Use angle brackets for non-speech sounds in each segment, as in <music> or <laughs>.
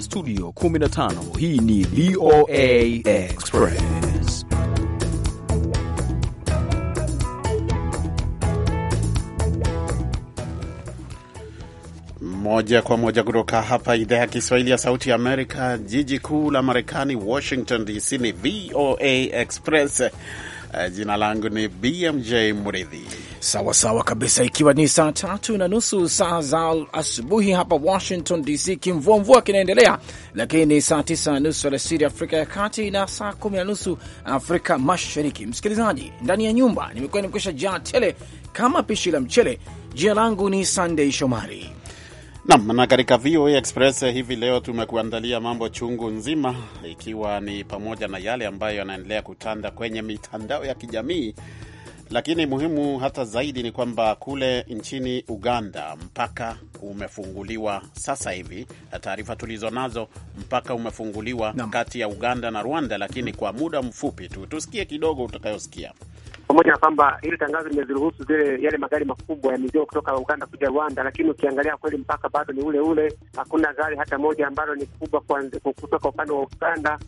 Studio 15 hii ni VOA Express. Moja kwa moja kutoka hapa idhaa ya Kiswahili ya Sauti ya Amerika, jiji kuu la Marekani, Washington DC. Ni VOA Express. Eh, jina langu ni BMJ Mridhi Sawa sawa kabisa, ikiwa ni saa tatu na nusu saa za asubuhi hapa Washington DC. Kimvua mvua kinaendelea, lakini ni saa tisa na nusu alasiri Afrika ya Kati na saa kumi na nusu Afrika Mashariki. Msikilizaji, ndani ya nyumba nimekuwa nimkesha jaa tele kama pishi la mchele. Jina langu ni sandei Shomari nam na katika VOA Express eh, hivi leo tumekuandalia mambo chungu nzima, ikiwa ni pamoja na yale ambayo yanaendelea kutanda kwenye mitandao ya kijamii lakini muhimu hata zaidi ni kwamba kule nchini Uganda mpaka umefunguliwa sasa hivi, taarifa tulizo nazo, mpaka umefunguliwa Nam. kati ya Uganda na Rwanda, lakini kwa muda mfupi tu. Tusikie kidogo utakayosikia pamoja na kwamba hili tangazo limeziruhusu zile yale magari makubwa ya mizigo kutoka Uganda kuja Rwanda, lakini ukiangalia kweli mpaka bado ni ule ule. Hakuna gari hata moja ambalo ni kubwa kutoka upande wa Uganda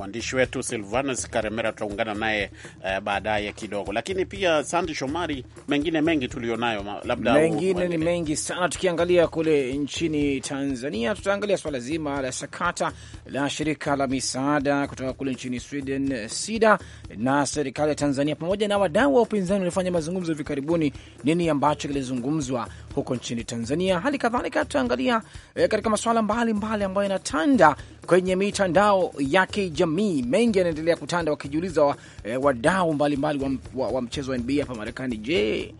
Mwandishi wetu Silvanus Karemera tutaungana naye eh, baadaye kidogo, lakini pia Sandi Shomari, mengine mengi tulionayo, labda mengine ni mengi sana. Tukiangalia kule nchini Tanzania, tutaangalia swala zima la sakata la shirika la misaada kutoka kule nchini Sweden, eh, SIDA, na serikali ya Tanzania pamoja na wadau wa upinzani walifanya mazungumzo hivi karibuni. Nini ambacho kilizungumzwa? huko nchini Tanzania. Hali kadhalika tutaangalia e, katika masuala mbalimbali ambayo yanatanda kwenye mitandao ya kijamii. Mengi yanaendelea kutanda, wakijiuliza eh, wadau wa, mbalimbali wa, wa, wa mchezo wa NBA hapa Marekani, je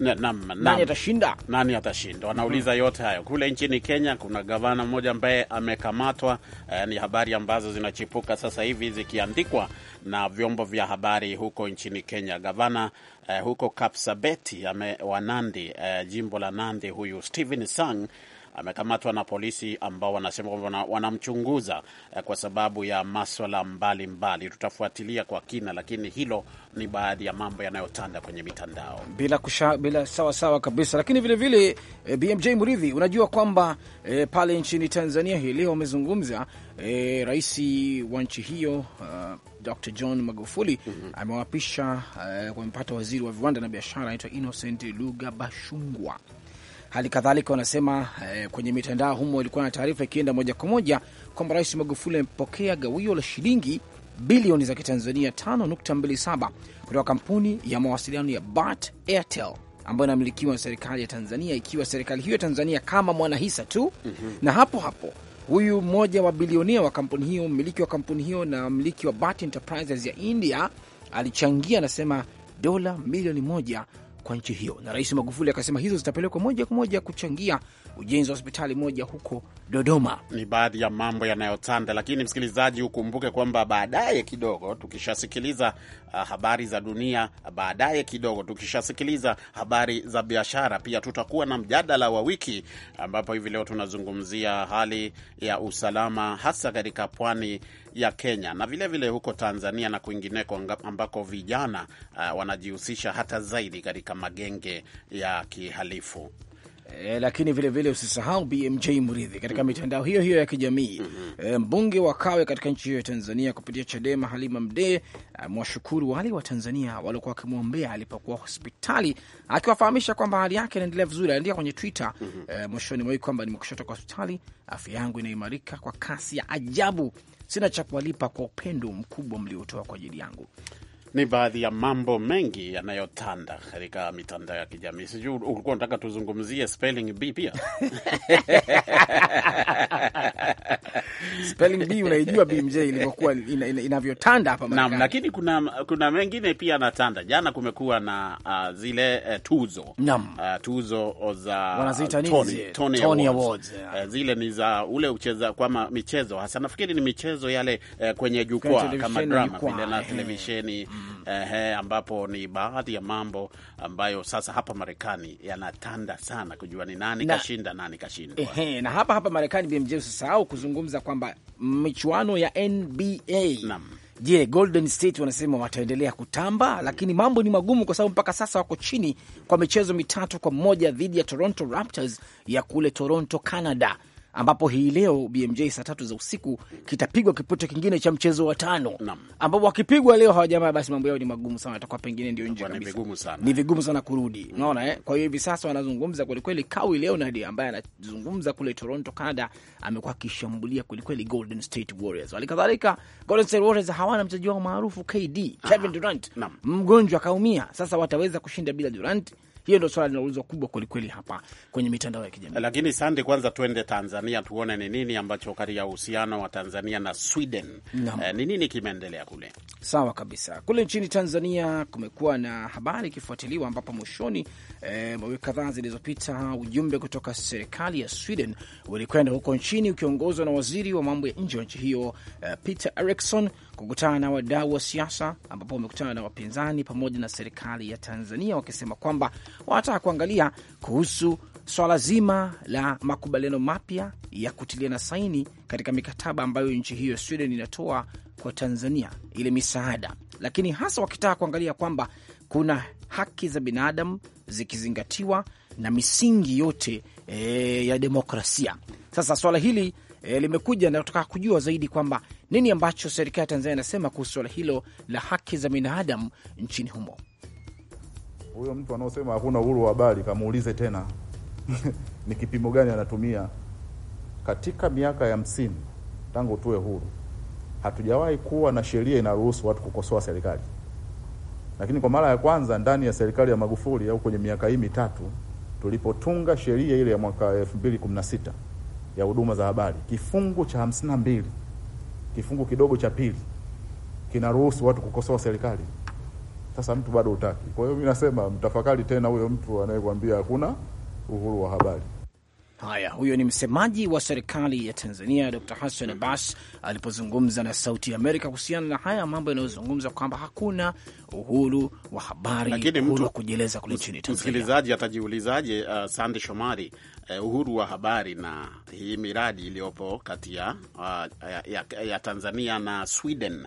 nani atashinda, nani atashinda, wanauliza yote hayo. Kule nchini Kenya kuna gavana mmoja ambaye amekamatwa. Eh, ni habari ambazo zinachipuka sasa hivi zikiandikwa na vyombo vya habari huko nchini Kenya. Gavana eh, huko Kapsabeti wa Nandi, eh, jimbo la Nandi, huyu Stephen Sang amekamatwa na polisi ambao wanasema kwamba wanamchunguza eh, kwa sababu ya maswala mbalimbali. Tutafuatilia kwa kina, lakini hilo ni baadhi ya mambo yanayotanda kwenye mitandao bila kusha, bila sawa sawa kabisa. Lakini vilevile vile, eh, BMJ Muridhi, unajua kwamba e, pale nchini Tanzania hii leo wamezungumza e, rais wa nchi hiyo uh, Dr. John Magufuli mm -hmm. amewapisha uh, kwa waziri wa viwanda na biashara anaitwa Innocent Lugabashungwa Hali kadhalika wanasema eh, kwenye mitandao humo ilikuwa na taarifa ikienda moja kwa moja kwamba Rais Magufuli amepokea gawio la shilingi bilioni za kitanzania 5.27 kutoka kampuni ya mawasiliano ya BAT Airtel ambayo inamilikiwa na serikali ya Tanzania, ikiwa serikali hiyo ya Tanzania kama mwanahisa tu mm -hmm. Na hapo hapo huyu mmoja wa bilionia wa kampuni hiyo, mmiliki wa kampuni hiyo na mmiliki wa BAT Enterprises ya India alichangia, anasema dola milioni moja kwa nchi hiyo, na Rais Magufuli akasema hizo zitapelekwa moja kwa moja kuchangia ujenzi wa hospitali moja huko Dodoma. Ni baadhi ya mambo yanayotanda, lakini msikilizaji, ukumbuke kwamba baadaye kidogo tukishasikiliza uh, habari za dunia, baadaye kidogo tukishasikiliza habari za biashara, pia tutakuwa na mjadala wa wiki, ambapo hivi leo tunazungumzia hali ya usalama hasa katika pwani ya Kenya na vilevile vile huko Tanzania na kwingineko ambako vijana uh, wanajihusisha hata zaidi katika magenge ya kihalifu. E, lakini vilevile usisahau BMJ Mridhi katika mm -hmm. mitandao hiyo hiyo ya kijamii mm -hmm. e, mbunge wa Kawe katika nchi hiyo ya Tanzania kupitia Chadema Halima Mdee amewashukuru wale wa Tanzania waliokuwa wakimwombea alipokuwa hospitali, akiwafahamisha kwamba hali yake inaendelea vizuri. Aliandika kwenye Twitter mm -hmm. e, mwishoni mwa wiki kwamba nimekusha toka hospitali, afya yangu inaimarika kwa kasi ya ajabu, sina cha kuwalipa kwa upendo mkubwa mliotoa kwa ajili yangu. Ni baadhi ya mambo mengi yanayotanda katika mitandao ya kijamii. Sijui ulikuwa unataka tuzungumzie spelling bee pia? Spelling bee unaijua BMJ ilivyokuwa inavyotanda hapa Marekani. Naam, lakini kuna kuna mengine pia anatanda. Jana kumekuwa na uh, zile uh, tuzo uh, tuzo za Tony, Tony, Tony Awards. Yeah. Uh, zile ni za ule ucheza kwama michezo hasa nafikiri ni michezo yale uh, kwenye jukwaa kama drama vile na eh. televisheni mm mm -hmm. Ehe, ambapo ni baadhi ya mambo ambayo sasa hapa Marekani yanatanda sana kujua ni nani na, kashinda nani kashindwa. Ehe, na hapa hapa Marekani BMJ usisahau kuzungumza kwamba michuano ya NBA Naam. Je, Golden State wanasema wataendelea kutamba, lakini mambo ni magumu kwa sababu mpaka sasa wako chini kwa michezo mitatu kwa moja dhidi ya Toronto Raptors ya kule Toronto, Canada ambapo hii leo BMJ saa tatu za usiku kitapigwa kipute kingine cha mchezo wa tano, ambapo wakipigwa leo hawa jamaa, basi mambo yao ni magumu sana, atakuwa pengine ndio nje ni vigumu sana kurudi, unaona eh? Kwa hiyo hivi sasa wanazungumza kwelikweli. Kawhi Leonard ambaye anazungumza kule Toronto, Canada, amekuwa akishambulia kwelikweli Golden State Warriors. Halikadhalika Golden State Warriors hawana mchezaji wao maarufu KD, Kevin Durant, mgonjwa akaumia. Sasa wataweza kushinda bila Durant? Hiyo ndio swala linaulizwa kubwa kwelikweli hapa kwenye mitandao ya kijamii. Lakini sande, kwanza tuende Tanzania tuone ni nini ambacho kati ya uhusiano wa Tanzania na Sweden eh, ni eh, nini kimeendelea kule. Sawa kabisa, kule nchini Tanzania kumekuwa na habari ikifuatiliwa, ambapo mwishoni eh, wiki kadhaa zilizopita ujumbe kutoka serikali ya Sweden ulikwenda huko nchini ukiongozwa na waziri wa mambo ya nje wa nchi hiyo eh, Peter Erikson kukutana na wadau wa siasa, ambapo wamekutana na wapinzani pamoja na serikali ya Tanzania, wakisema kwamba wanataka kuangalia kuhusu swala so zima la makubaliano mapya ya kutiliana saini katika mikataba ambayo nchi hiyo Sweden inatoa kwa Tanzania ile misaada, lakini hasa wakitaka kuangalia kwamba kuna haki za binadamu zikizingatiwa na misingi yote e, ya demokrasia. Sasa swala hili e, limekuja na tutaka kujua zaidi kwamba nini ambacho serikali ya Tanzania inasema kuhusu suala hilo la haki za binadamu nchini humo. Huyo mtu anaosema hakuna uhuru wa habari, kamuulize tena <laughs> ni kipimo gani anatumia. Katika miaka ya hamsini tangu tuwe huru, hatujawahi kuwa na sheria inaruhusu watu kukosoa serikali, lakini kwa mara ya kwanza ndani ya serikali ya Magufuli au kwenye miaka hii mitatu tulipotunga sheria ile ya mwaka elfu mbili kumi na sita ya huduma za habari kifungu cha hamsini na mbili kifungu kidogo cha pili kinaruhusu watu kukosoa serikali. Sasa mtu bado utaki. Kwa hiyo mimi nasema mtafakari tena huyo mtu anayekwambia hakuna uhuru wa habari. Haya, huyo ni msemaji wa serikali ya Tanzania Dr. Hassan Abbas alipozungumza na Sauti ya Amerika kuhusiana na haya mambo yanayozungumza kwamba hakuna uhuru wa habari, uhuru wa kujieleza kule nchini Tanzania. Msikilizaji atajiulizaje? Uh, Sande Shomari, uh, uhuru wa habari na hii miradi iliyopo kati ya, uh, ya, ya Tanzania na Sweden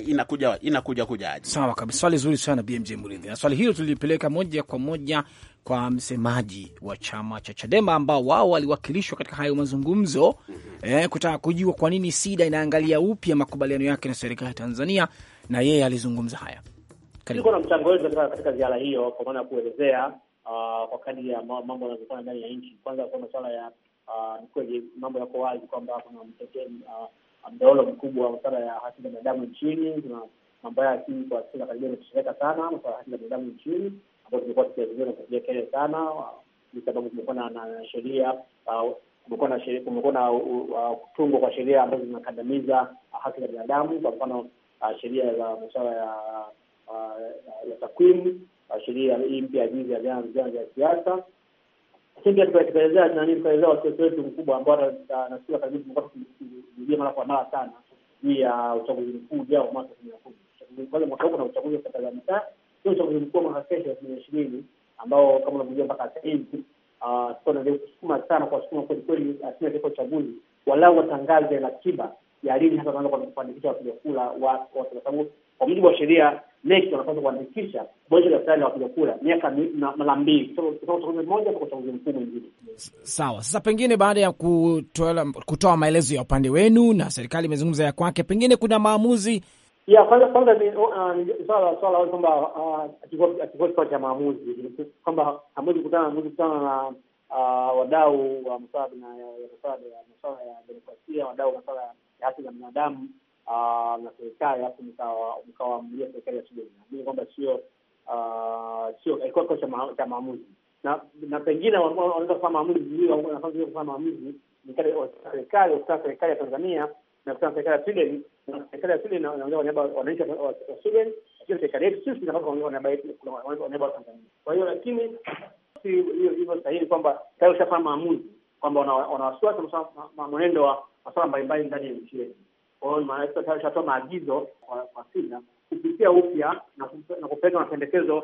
Uh, inakuja inakuja kujaje? Sawa kabisa, swali zuri sana BMJ Mridhi, na swali hilo tulilipeleka moja kwa moja kwa msemaji wa chama cha Chadema ambao wao waliwakilishwa katika hayo mazungumzo mhm. eh, kutaka kujua kwa nini SIDA inaangalia upya makubaliano yake na serikali ya Tanzania, na yeye alizungumza haya. Niko na mchango wetu katika ziara hiyo, kwa maana ya kuelezea uh, kwa kadri ya mambo yanavyofanya ndani ya nchi. Kwanza kwa masuala ya ah, ni kweli mambo yako wazi kwamba kuna uh, mkubwa wa masuala ya haki za binadamu nchini, kuna mambo haya kwa karibia imetosheleka sana masuala ya haki za binadamu nchini ambayo tumekuwa tukiazimia na kupiga kelele sana, ni sababu kumekuwa na sheria kumekuwa na sheria, kumekuwa na uh, kutungwa kwa sheria ambazo zinakandamiza uh, haki za binadamu, kwa mfano uh, sheria za masuala ya takwimu, sheria hii mpya jinsi ya vyama vya siasa lakini pia tukaelezea nani, tukaelezea wasiwasi wetu mkubwa ambao nasikia karibu tumekuwa tukirudia mara kwa mara sana juu ya uchaguzi mkuu ujao mwaka elfu mbili na kumi kwanza mwaka huu kuna uchaguzi wa serikali za mitaa sio uchaguzi mkuu wa mwaka kesho elfu mbili ishirini ambao kama unavyojua mpaka sasa hivi uh, ah, kusukuma sana kwa kuwasukuma kweli kweli asilimia katika uchaguzi walau watangaze ratiba ya lini hasa wanaanza kuandikisha wapiga kura wa kwa sababu kwa mujibu wa sheria NEC wanapaswa kuandikisha bonge la daftari la wapiga kura miaka mara mbili kutoka uchaguzi mmoja kwa uchaguzi mkuu mwingine. Sawa. Sasa pengine baada ya kutoa maelezo ya upande wenu na serikali imezungumza ya kwake, pengine kuna maamuzi ya kwanza kwanza ni uh, swala swala wazi kwamba uh, akivua kikao cha maamuzi kwamba hamwezi kukutana hamwezi kukutana na uh, wadau wa masuala ya demokrasia, wadau wa masuala ya haki za binadamu na serikali, hapo alafu mkawaamulia serikali ya Sudan. Naamini kwamba sio sio alikuwa kikao cha maamuzi, na na pengine wanaweza kufanya maamuzi, nafasi kufanya maamuzi ni kale serikali wakutana serikali ya Tanzania na kwa serikali ya Sudan na serikali ya Sweden inaongea kwa niaba ya wananchi wa Sweden, lakini serikali yetu sisi inafaa kuongea kwa niaba yetu, kwa niaba ya Tanzania. Kwa hiyo lakini hivyo sahihi kwamba tayari ushafanya maamuzi kwamba wana wasiwasi mwenendo wa masuala mbalimbali ndani ya nchi yetu. Kwa hiyo maana tayari ushatoa maagizo kwa Sina kupitia upya na kupeleka mapendekezo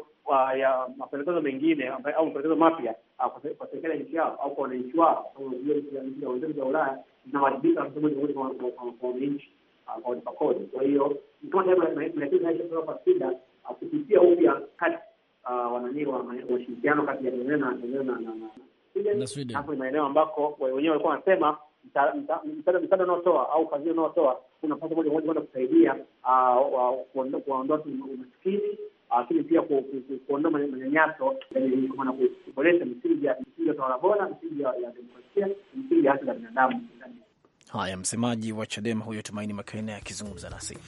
ya mapendekezo mengine au mapendekezo mapya ah, kwa serikali ya nchi yao au kwa wananchi wao, wenzetu za Ulaya zinawajibika kwa wananchi ambao ni pakodi. Kwa hiyo kwa upya kati ah, ushirikiano kati ya na Sweden, hapo ni maeneo ambako wenyewe walikuwa wanasema msaada unaotoa au unaotoa moja moja kwenda kusaidia ah, umaskini, ah, lakini pia kuondoa manyanyaso kuboresha misingi ya utawala bora, misingi ya demokrasia, misingi ya haki za binadamu. Haya, msemaji wa Chadema huyo Tumaini Makaina akizungumza nasi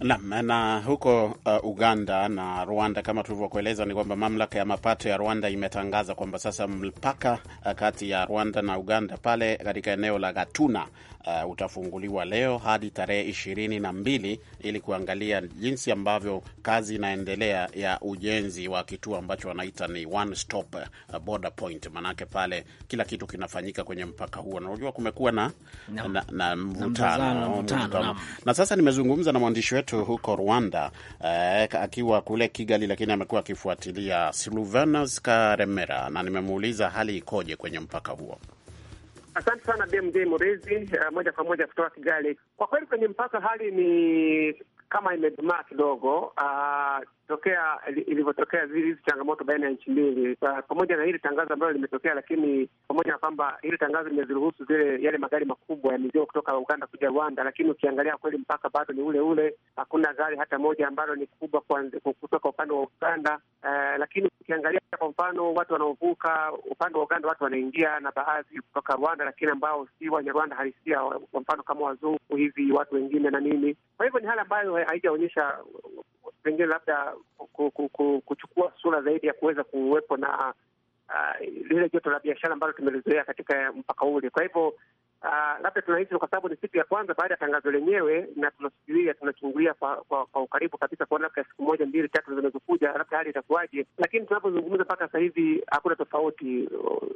nam. Na huko uh, Uganda na Rwanda, kama tulivyokueleza ni kwamba mamlaka ya mapato ya Rwanda imetangaza kwamba sasa mpaka uh, kati ya Rwanda na Uganda pale katika eneo la Gatuna uh, utafunguliwa leo hadi tarehe ishirini na mbili ili kuangalia jinsi ambavyo kazi inaendelea ya ujenzi wa kituo ambacho wanaita ni one stop uh, border point, manake pale kila kitu kinafanyika kwenye mpaka huo, na unajua kumekuwa na no. na, na mvutano na sasa nimezungumza na mwandishi wetu huko Rwanda uh, akiwa kule Kigali, lakini amekuwa akifuatilia Silvanus Karemera na nimemuuliza hali ikoje kwenye mpaka huo. Asante sana BMJ Murizi. Uh, moja kwa moja kutoka Kigali. Kwa kweli kwenye mpaka hali ni kama imedumaa kidogo. Uh, tokea ilivyotokea hizi changamoto baina ya nchi mbili, pamoja na hili tangazo ambalo limetokea, lakini pamoja na kwamba hili tangazo limeziruhusu zile yale magari makubwa ya mizigo kutoka Uganda kuja Rwanda, lakini ukiangalia kweli mpaka bado ni ule ule, hakuna gari hata moja ambalo ni kubwa kutoka upande wa Uganda. Uh, lakini ukiangalia kwa mfano watu wanaovuka upande wa Uganda, watu wanaingia na baadhi kutoka Rwanda, lakini ambao si wenye Rwanda halisia, kwa mfano kama wazungu hivi, watu wengine na nini. Kwa hivyo ni hali ambayo haijaonyesha pengine labda kuchukua sura zaidi ya kuweza kuwepo na uh, lile joto la biashara ambalo tumelizoea katika mpaka ule. Kwa hivyo Uh, labda tunahisi kwa sababu ni siku ya kwanza baada ya tangazo lenyewe, na tunasubiria tunachungulia kwa, kwa, kwa ukaribu kabisa kuona labda siku moja mbili tatu zinazokuja labda hali itakuwaje, lakini tunapozungumza mpaka sasa hivi hakuna tofauti, uh,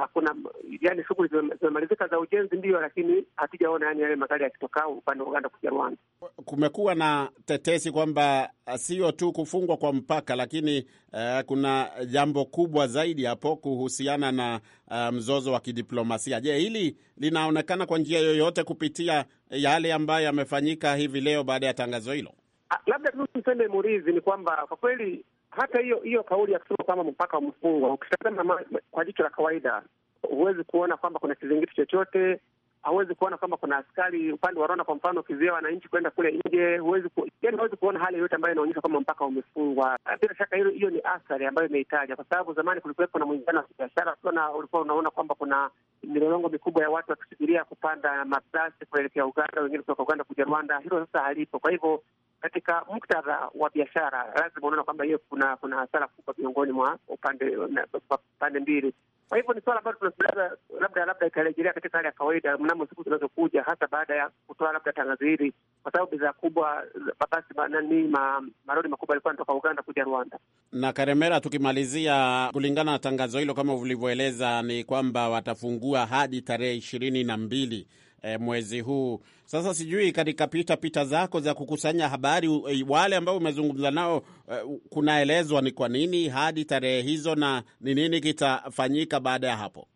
hakuna yani, shughuli zimemalizika za ujenzi ndio lakini hatujaona yani yale magari yakitoka upande wa Uganda kuja Rwanda. Kumekuwa na tetesi kwamba uh, sio tu kufungwa kwa mpaka, lakini uh, kuna jambo kubwa zaidi hapo kuhusiana na uh, mzozo wa kidiplomasia. Je, hili linaonekana kwa njia yoyote kupitia yale ambayo yamefanyika hivi leo baada ya tangazo hilo? Ah, labda tu niseme Murizi ni kwamba kwa kweli hata hiyo hiyo kauli ya kusema kwamba mpaka umefungwa, ukitazama kwa jicho la kawaida huwezi kuona kwamba kuna kizingiti chochote hauwezi kuona kwamba kuna askari upande wa Rwanda kwa mfano, ukizuia wananchi kwenda kule nje, huwezi ku, yani huwezi kuona hali yoyote ambayo inaonyesha kwamba mpaka umefungwa. Ah, bila shaka hiyo hiyo ni athari ambayo imeitaja, kwa sababu zamani kulikuwepo na mwingano wa kibiashara, ulikuwa unaona kwamba kuna milolongo mikubwa ya watu wakisubiria kupanda mabasi kuelekea Uganda, wengine kutoka Uganda kuja Rwanda. Hilo sasa halipo, kwa hivyo katika muktadha wa biashara, lazima unaona kwamba hiyo kuna kuna hasara kubwa miongoni mwa upande pande mbili. Kwa hivyo ni suala ambalo tunaa labda labda itarejelea katika hali ya kawaida mnamo siku zinazokuja, hasa baada ya kutoa labda tangazo hili, kwa sababu bidhaa kubwa mabasi nani ma, maroli makubwa yalikuwa yanatoka Uganda kuja Rwanda. Na Karemera, tukimalizia, kulingana na tangazo hilo kama ulivyoeleza, ni kwamba watafungua hadi tarehe ishirini na mbili e, mwezi huu. Sasa sijui katika pita pita zako za kukusanya habari e, wale ambao umezungumza nao e, kunaelezwa ni kwa nini hadi tarehe hizo na ni nini kitafanyika baada ya hapo?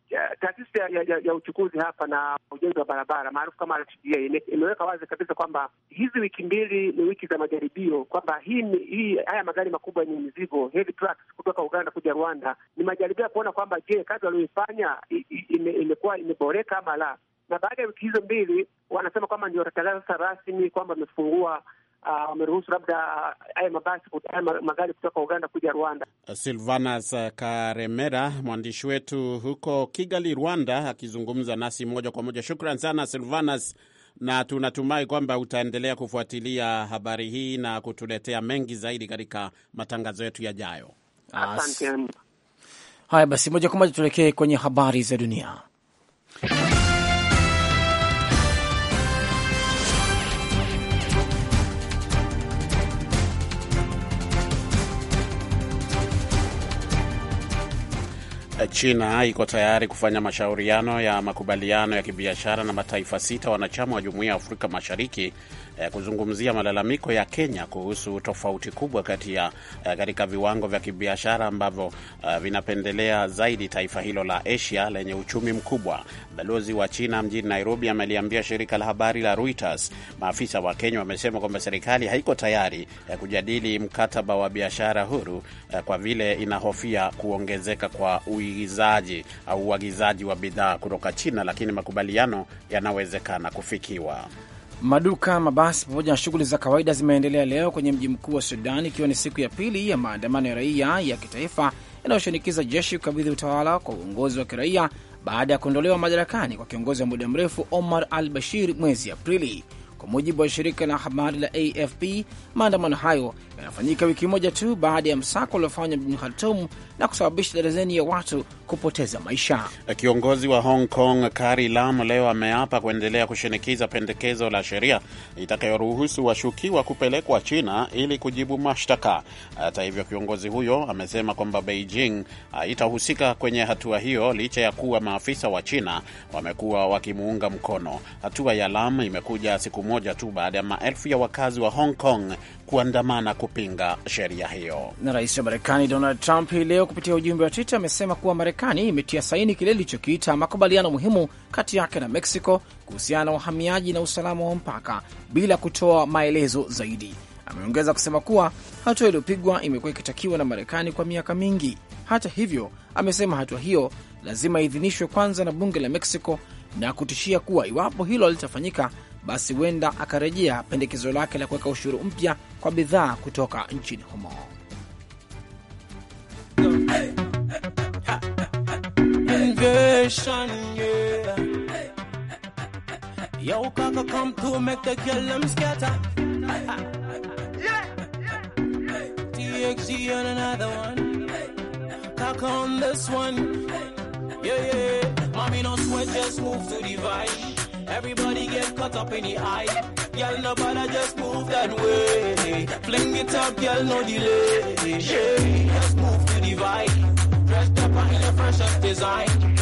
Taasisi ya, ya, ya, ya uchukuzi hapa na ujenzi wa barabara maarufu kama RTDA imeweka wazi kabisa kwamba hizi wiki mbili ni wiki za majaribio, kwamba hii, hii haya magari makubwa yenye mizigo heavy trucks kutoka Uganda kuja Rwanda ni majaribio ya kuona kwamba je, kazi walioifanya imekuwa imeboreka ama la na baada ya wiki hizo mbili wanasema kwamba ndio watatangaza sasa rasmi kwamba wamefungua ah, wameruhusu uh, labda ah, haya mabasi haya magari kutoka Uganda kuja Rwanda. Silvanas Karemera, mwandishi wetu huko Kigali, Rwanda, akizungumza nasi moja kwa moja. Shukran sana Silvanas, na tunatumai kwamba utaendelea kufuatilia habari hii na kutuletea mengi zaidi katika matangazo yetu yajayo. Asante. Haya basi, moja kwa moja tuelekee kwenye habari za dunia. China iko tayari kufanya mashauriano ya makubaliano ya kibiashara na mataifa sita wanachama wa Jumuiya ya Afrika Mashariki eh, kuzungumzia malalamiko ya Kenya kuhusu tofauti kubwa kati ya eh, katika viwango vya kibiashara ambavyo eh, vinapendelea zaidi taifa hilo la Asia lenye uchumi mkubwa. Balozi wa China mjini Nairobi ameliambia shirika la habari la Reuters maafisa wa Kenya wamesema kwamba serikali haiko tayari eh, kujadili mkataba wa biashara huru eh, kwa vile inahofia kuongezeka kwa ui uingizaji au uagizaji wa bidhaa kutoka China, lakini makubaliano yanawezekana kufikiwa. Maduka, mabasi pamoja na shughuli za kawaida zimeendelea leo kwenye mji mkuu wa Sudan, ikiwa ni siku ya pili ya maandamano ya raia ya kitaifa yanayoshinikiza jeshi kukabidhi utawala kwa uongozi wa kiraia baada ya kuondolewa madarakani kwa kiongozi wa muda mrefu Omar al Bashir mwezi Aprili. Kwa mujibu wa shirika la habari la AFP, maandamano hayo yanafanyika wiki moja tu baada ya msako uliofanywa mjini Khartum na kusababisha darazeni ya watu kupoteza maisha. Kiongozi wa Hong Kong Carrie Lam leo ameapa kuendelea kushinikiza pendekezo la sheria itakayoruhusu washukiwa kupelekwa China ili kujibu mashtaka. Hata hivyo, kiongozi huyo amesema kwamba Beijing haitahusika kwenye hatua hiyo licha ya kuwa maafisa wa China wamekuwa wakimuunga mkono. Hatua ya Lam imekuja siku moja tu baada ya maelfu ya wakazi wa Hong Kong kuandamana kupinga sheria hiyo. Na rais wa Marekani Donald Trump hii leo kupitia ujumbe wa Twitter amesema kuwa Marekani imetia saini kile ilichokiita makubaliano muhimu kati yake na Mexico kuhusiana na uhamiaji na usalama wa mpaka bila kutoa maelezo zaidi. Ameongeza kusema kuwa hatua iliyopigwa imekuwa ikitakiwa na Marekani kwa miaka mingi. Hata hivyo, amesema hatua hiyo lazima iidhinishwe kwanza na bunge la Mexico na kutishia kuwa iwapo hilo halitafanyika basi huenda akarejea pendekezo lake la kuweka ushuru mpya kwa bidhaa kutoka nchini humo. Everybody get caught up in the eye, Girl, no bother, just move that way. Fling it up, girl, no delay. Yeah, just move to the vibe. Dressed up in your freshest design.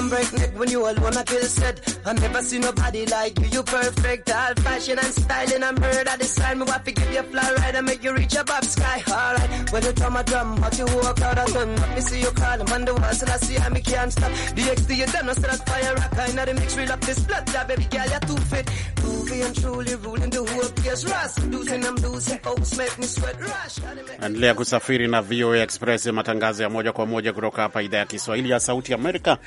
and break neck when you alone at your set. I never see nobody like you. You perfect, all fashion and styling and murder design. Me what give you a fly ride and make you reach above sky. Alright, when you drum a drum, how you walk out of ton. Let me see you call him on the wall, so I see how me can't stop. The DX to your I said set fire rock. I know the mix real up this blood, yeah, baby girl, you're too fit. Groovy and truly ruling the whole place. Russ, losing, I'm losing, folks make me sweat. Rush, endelea kusafiri na VOA Express, matangazo ya moja kwa moja kutoka hapa idhaa ya Kiswahili ya Sauti Amerika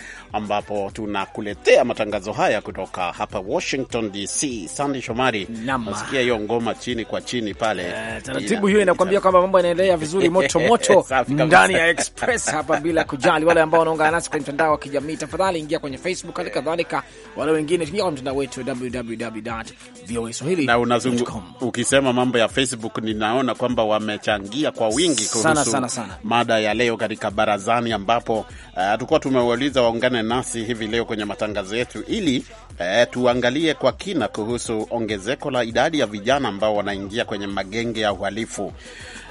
ambapo tunakuletea matangazo haya kutoka hapa Washington DC. Sandi Shomari, nasikia hiyo ngoma chini kwa chini pale, e, taratibu hiyo inakuambia kwamba mambo yanaendelea vizuri <laughs> moto moto ndani ya Express hapa, bila kujali wale ambao wanaungana nasi kwenye mtandao wa kijamii. Tafadhali ingia kwenye Facebook, hali kadhalika wale wengine ingia kwenye mtandao wetu www.voaswahili. Na unazungu, ukisema mambo ya Facebook ninaona kwamba wamechangia kwa wingi kuhusu mada ya leo katika barazani, ambapo uh, tulikuwa tumewauliza waungane nasi hivi leo kwenye matangazo yetu ili eh, tuangalie kwa kina kuhusu ongezeko la idadi ya vijana ambao wanaingia kwenye magenge ya uhalifu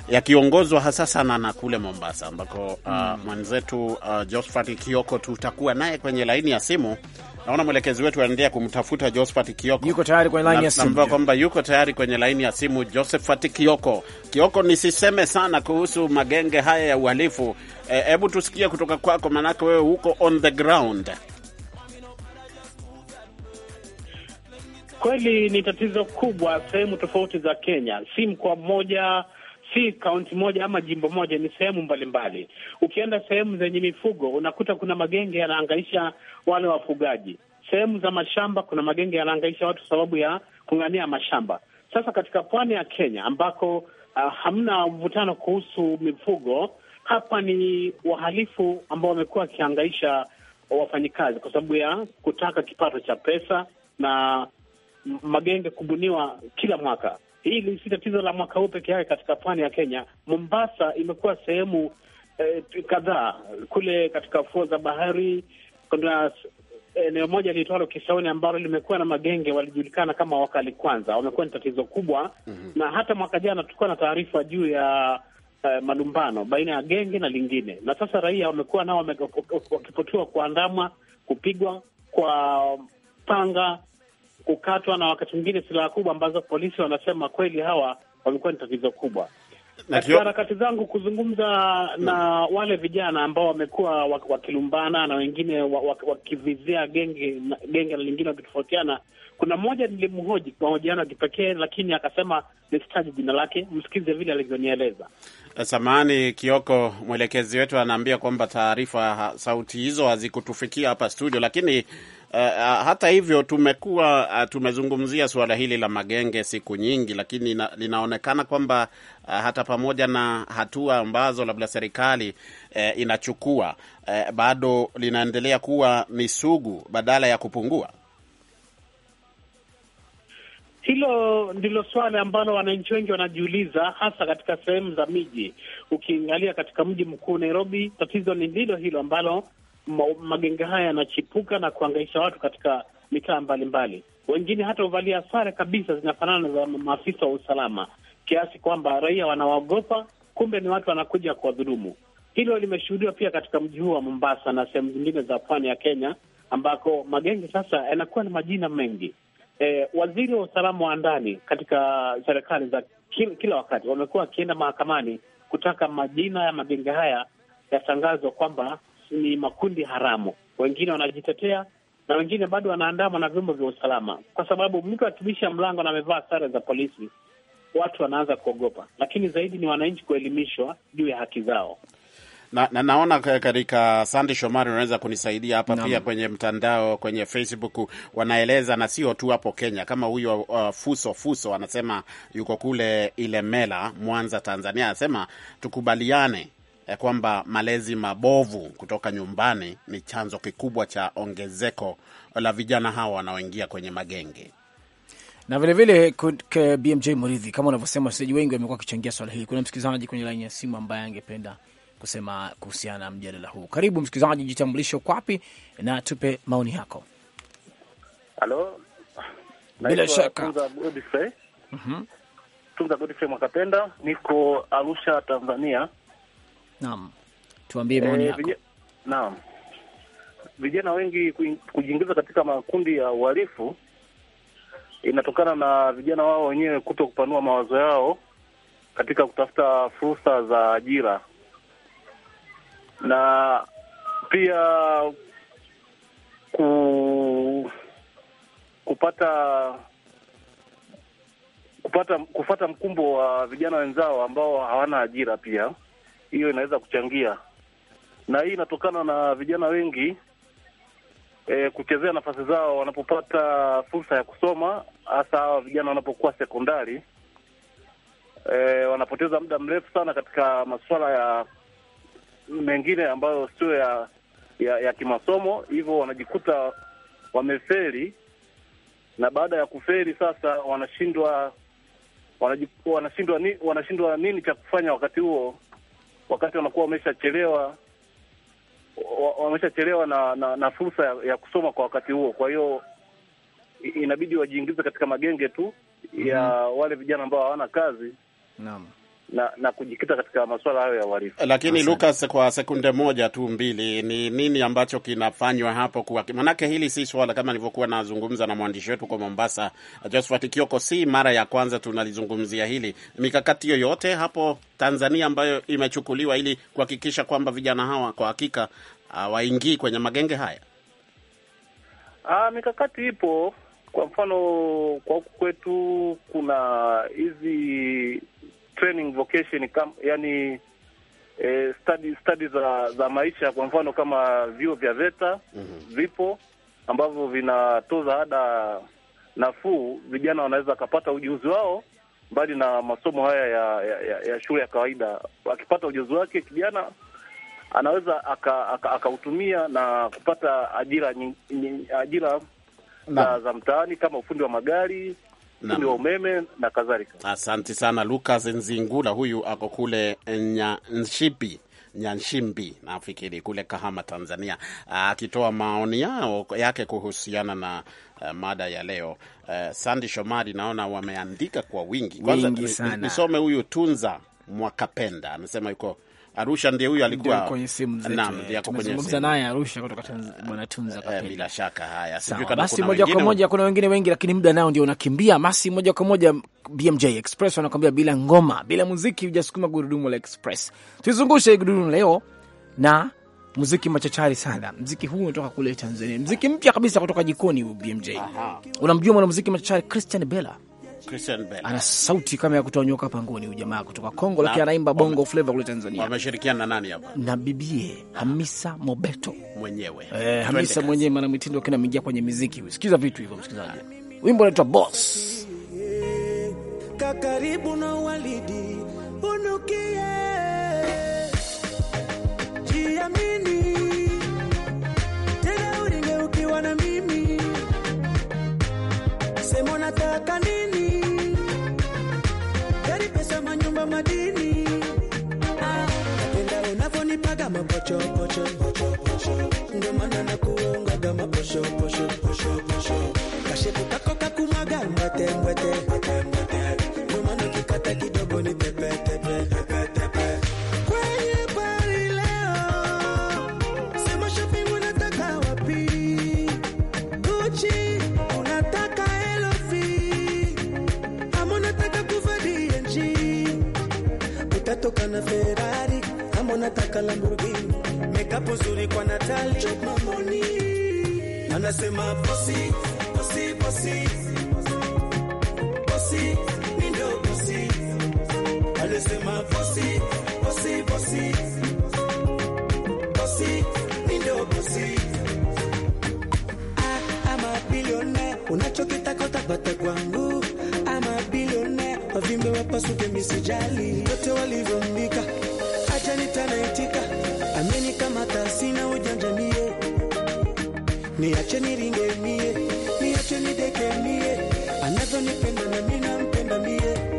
yakiongozwa hasa sana na kule Mombasa ambako uh, hmm. mwenzetu uh, Josphat Kioko tutakuwa naye kwenye laini ya simu. Naona mwelekezi wetu anaendelea kumtafuta Josphat Kioko, yuko tayari kwenye laini ya simu, kwamba yuko tayari kwenye laini ya simu. Josephat Kioko, Kioko, nisiseme sana kuhusu magenge haya ya uhalifu. E, hebu e, tusikie kutoka kwako, maanake wewe huko on the ground. Kweli ni tatizo kubwa sehemu tofauti za Kenya, si mkoa mmoja si kaunti moja ama jimbo moja, ni sehemu mbalimbali. Ukienda sehemu zenye mifugo unakuta kuna magenge yanaangaisha wale wafugaji, sehemu za mashamba kuna magenge yanaangaisha watu sababu ya kung'ania mashamba. Sasa katika pwani ya Kenya ambako uh, hamna mvutano kuhusu mifugo, hapa ni wahalifu ambao wamekuwa wakiangaisha wafanyikazi kwa sababu ya kutaka kipato cha pesa na magenge kubuniwa kila mwaka. Hili si tatizo la mwaka huu peke yake katika pwani ya Kenya. Mombasa imekuwa sehemu eh, kadhaa kule katika fuo za bahari. Kuna eneo moja liitwalo Kisauni ambalo limekuwa na magenge walijulikana kama wakali kwanza, wamekuwa ni tatizo kubwa mm -hmm. na hata mwaka jana tulikuwa na taarifa juu ya eh, malumbano baina ya genge na lingine, na sasa raia wamekuwa nao wakipotiwa kuandamwa, kupigwa kwa panga kukatwa na wakati mwingine silaha kubwa ambazo polisi wanasema kweli hawa wamekuwa ni tatizo kubwa. Katika harakati zangu kuzungumza hmm, na wale vijana ambao wamekuwa wakilumbana na wengine wakivizia genge na lingine wakitofautiana, kuna mmoja nilimhoji kwa mahojiano ya kipekee, lakini akasema nisitaji jina lake. Msikize vile alivyonieleza. Eh, samahani Kioko, mwelekezi wetu anaambia kwamba taarifa, sauti hizo hazikutufikia hapa studio, lakini Uh, hata hivyo tumekuwa uh, tumezungumzia suala hili la magenge siku nyingi, lakini na, linaonekana kwamba uh, hata pamoja na hatua ambazo labda serikali uh, inachukua uh, bado linaendelea kuwa ni sugu badala ya kupungua. Hilo ndilo swali ambalo wananchi wengi wanajiuliza, hasa katika sehemu za miji. Ukiangalia katika mji mkuu Nairobi, tatizo ni lilo hilo ambalo magenge haya yanachipuka na kuangaisha watu katika mitaa mbalimbali. Wengine hata huvalia sare kabisa zinafanana za maafisa wa usalama, kiasi kwamba raia wanawaogopa, kumbe ni watu wanakuja kuwadhulumu. Hilo limeshuhudiwa pia katika mji huu wa Mombasa na sehemu zingine za pwani ya Kenya, ambako magenge sasa yanakuwa na majina mengi. E, waziri wa usalama wa ndani katika serikali za kila, kila wakati wamekuwa wakienda mahakamani kutaka majina ya magenge haya yatangazwa kwamba ni makundi haramu, wengine wanajitetea na wengine bado wanaandama na vyombo vya usalama, kwa sababu mtu akibisha mlango na amevaa sare za polisi, watu wanaanza kuogopa. Lakini zaidi ni wananchi kuelimishwa juu ya haki zao. Na, na naona katika Sande Shomari, unaweza kunisaidia hapa Pia kwenye mtandao kwenye Facebook wanaeleza, na sio tu hapo Kenya, kama huyo uh, Fuso Fuso anasema yuko kule Ilemela, Mwanza, Tanzania, anasema tukubaliane Eh, kwamba malezi mabovu kutoka nyumbani ni chanzo kikubwa cha ongezeko la vijana hawa wanaoingia kwenye magenge na vilevile vile, BMJ Muridhi, kama unavyosema, wachezaji wengi wamekuwa wakichangia swala hili. Kuna msikilizaji kwenye laini ya simu ambaye angependa kusema kuhusiana na mjadala huu. Karibu msikilizaji, jitambulishe, uko wapi na tupe maoni yako. Halo, bila shaka mhm. Tunza Godfrey Mwakapenda, niko Arusha, Tanzania. Naam, tuambie eh, maoni yako. naam, vijana wengi kujiingiza katika makundi ya uhalifu inatokana na vijana wao wenyewe kuto kupanua mawazo yao katika kutafuta fursa za ajira na pia ku kupata kupata kufata mkumbo wa vijana wenzao ambao hawana ajira pia hiyo inaweza kuchangia, na hii inatokana na vijana wengi e, kuchezea nafasi zao wanapopata fursa ya kusoma, hasa hawa vijana wanapokuwa sekondari e, wanapoteza muda mrefu sana katika masuala ya mengine ambayo sio ya, ya ya kimasomo, hivyo wanajikuta wameferi, na baada ya kuferi sasa wanashindwa wanashindwa ni, wanashindwa nini cha kufanya wakati huo wakati wanakuwa wameshachelewa wameshachelewa na, na, na fursa ya, ya kusoma kwa wakati huo. Kwa hiyo inabidi wajiingize katika magenge tu ya mhm. wale vijana ambao hawana kazi. Naam na, na kujikita katika masuala hayo ya uhalifu. Lakini Lucas, kwa sekunde moja tu mbili, ni nini ambacho kinafanywa hapo kuwa, manake hili si swala kama nilivyokuwa nazungumza na mwandishi wetu kwa Mombasa Josphat Kioko, si mara ya kwanza tunalizungumzia hili. Mikakati yoyote hapo Tanzania ambayo imechukuliwa ili kuhakikisha kwamba vijana hawa kwa hakika hawaingii ah, kwenye magenge haya? Aa, ah, mikakati ipo. Kwa mfano kwa huku kwetu kuna hizi training vocation kam, yani eh, study, study za za maisha. Kwa mfano kama vyuo vya VETA mm -hmm. vipo ambavyo vinatoza ada nafuu, vijana wanaweza wakapata ujuzi wao mbali na masomo haya ya, ya, ya, ya shule ya kawaida. Akipata ujuzi wake kijana anaweza akautumia aka, aka na kupata ajira, ajira na, za, za mtaani kama ufundi wa magari uchumi wa umeme na kadhalika. Asante sana lukas Nzingula, huyu ako kule Nyanshipi Nyanshimbi nafikiri kule Kahama, Tanzania, akitoa maoni yao yake kuhusiana na uh, mada ya leo. Uh, Sandi Shomari, naona wameandika kwa wingi. Kwanza nisome huyu Tunza Mwakapenda, anasema yuko Arusha ndiye huyo alikuwa kwenye simu zetu. Naam, tumezungumza naye Arusha kutoka eh, Bwana Tunza eh, Kapeli. Bila shaka haya. Sijui kama kuna moja kwa moja kuna wengine wengi lakini muda nao ndio unakimbia. Basi moja kwa moja BMJ Express wanakwambia bila ngoma, bila muziki hujasukuma gurudumu la Express. Tuizungushe gurudumu leo na muziki machachari sana. Muziki huu unatoka kule Tanzania. Muziki mpya kabisa kutoka jikoni BMJ. Unamjua mwanamuziki machachari Christian Bella? Christian Bell ana sauti kama ya kutonyoka pangoni, huyu jamaa kutoka Kongo, lakini anaimba bongo flavor kule Tanzania. Wameshirikiana na nani hapa? Na bibie Hamisa Mobeto mwenyewe eh, Hamisa mwenyewe maana mitindo yake inaingia kwenye muziki. Sikiza vitu hivyo msikilizaji, wimbo unaitwa Boss Kakaribu na walidi unukie, jiamini tena uringe ukiwa na mimi sema nataka macho madini ah, napenda unavonipaga mapocho pocho ndo maana nakuongaga maposho posho posho posho kashekukako kakumwaga mbwete mbwete anataka Lamborghini, makeup nzuri kwa Natali, anasema bosi, bosi, bosi, bosi, mimi ndo bosi, anasema bosi, bosi, bosi, bosi, mimi ndo bosi. Ah, ama bilionea, unachokitaka utapata kwangu. Ama bilionea, wavimbe wapasuke, misijali yote walivyomika Acha nitanaitika, ameni kama tasina ujanja mie, niache niringe mie, niache nideke mie, anavyonipenda na mimi nampenda mie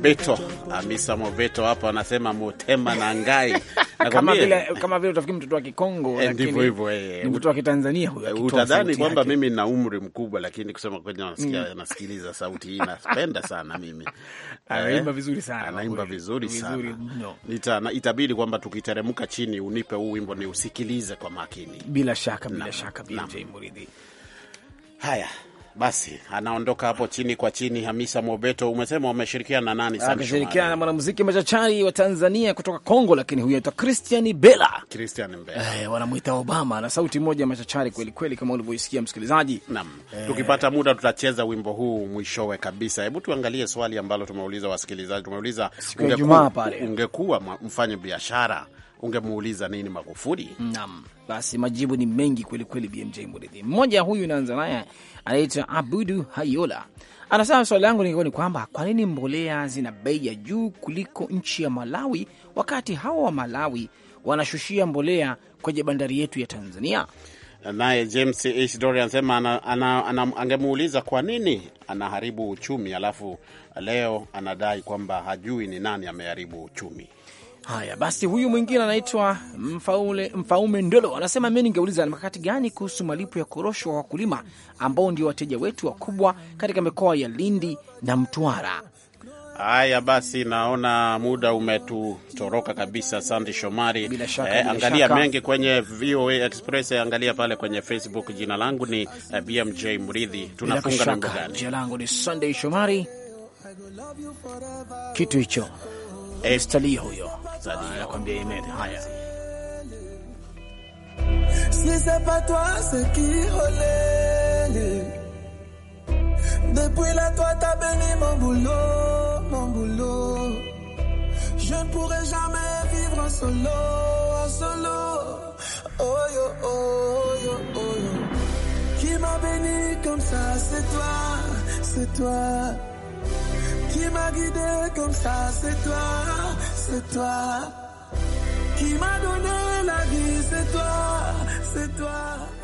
Beto Amisa Mobeto hapa anasema Motema na Ngai <laughs> kama vile kama vile utafikiri mtoto wa Kikongo, eh, ndivyo hivyo. Eh, ni eh, mtoto wa Kitanzania huyo, utadhani kwamba mimi na umri mkubwa, lakini kusema kweli nasikia mm. nasikiliza sauti hii, napenda sana mimi. <laughs> Anaimba vizuri sana, anaimba vizuri sana. Nita itabidi kwamba tukiteremka chini unipe huu wimbo ni usikilize kwa makini, bila shaka, bila shaka. Muridhi, Haya. Basi anaondoka hapo chini kwa chini. Hamisa Mobeto, umesema wameshirikiana na nani? Sana ameshirikiana na mwanamuziki machachari wa Tanzania kutoka Kongo, lakini huyu anaitwa Christian Bella, Christian Bella eh, wanamuita Obama, na sauti moja machachari kweli kweli, kama ulivyoisikia msikilizaji. Naam, eh, tukipata muda tutacheza wimbo huu mwishowe kabisa. Hebu tuangalie swali ambalo tumeuliza wasikilizaji. Tumeuliza, ungekuwa mfanye biashara ungemuuliza nini Magufuli? Naam, basi majibu ni mengi kwelikweli, BMJ Mridhi. Mmoja huyu naanza naye, anaitwa Abudu Hayola, anasema swali langu lingekuwa ni kwamba kwa nini mbolea zina bei ya juu kuliko nchi ya Malawi, wakati hawa wa Malawi wanashushia mbolea kwenye bandari yetu ya Tanzania? Naye James Isdori anasema ana, ana, ana, angemuuliza kwa nini anaharibu uchumi, alafu leo anadai kwamba hajui ni nani ameharibu uchumi. Haya basi, huyu mwingine anaitwa Mfaule, Mfaume Ndolo anasema mimi ningeuliza ni mkakati gani kuhusu malipo ya korosho wa wakulima ambao ndio wateja wetu wakubwa katika mikoa ya Lindi na Mtwara. Haya basi, naona muda umetutoroka kabisa. Sandi Shomari, bila shaka, eh, bila angalia shaka mengi kwenye VOA Express, angalia pale kwenye Facebook. Jina langu ni eh, BMJ Mridhi. Tunafunga namna gani? Jina langu ni sandey Shomari, kitu hicho Estali c'est pas toi, c'est qui si se ce qui holele depuis la toi t'as béni mon boulot mon boulot je ne pourrais jamais vivre en solo en solo oh yo oh yo oh yo qui m'a béni comme ça c'est toi c'est toi m'a guidé comme ça, c'est toi, c'est toi. Qui m'a donné la vie, c'est toi, c'est toi.